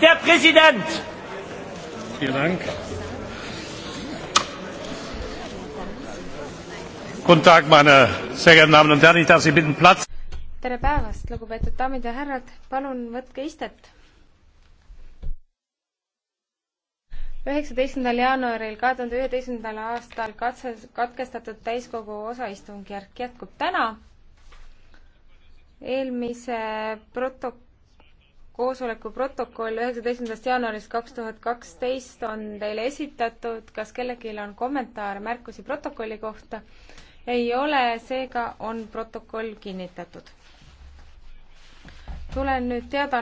Der Präsident! Vielen Dank. Guten Tag, meine sehr geehrten Damen und Herren. Ich darf Sie bitten, Platz. tere päevast, lugupeetud daamid ja härrad, palun võtke istet. üheksateistkümnendal jaanuaril kahe tuhande üheteistkümnendal aastal katse, katkestatud täiskogu osaistungjärk jätkub täna eelmise protok-, koosoleku protokoll üheksateistkümnendast jaanuarist kaks tuhat kaksteist on teile esitatud, kas kellelgi on kommentaare, märkusi protokolli kohta? ei ole, seega on protokoll kinnitatud. tulen nüüd teadaanne-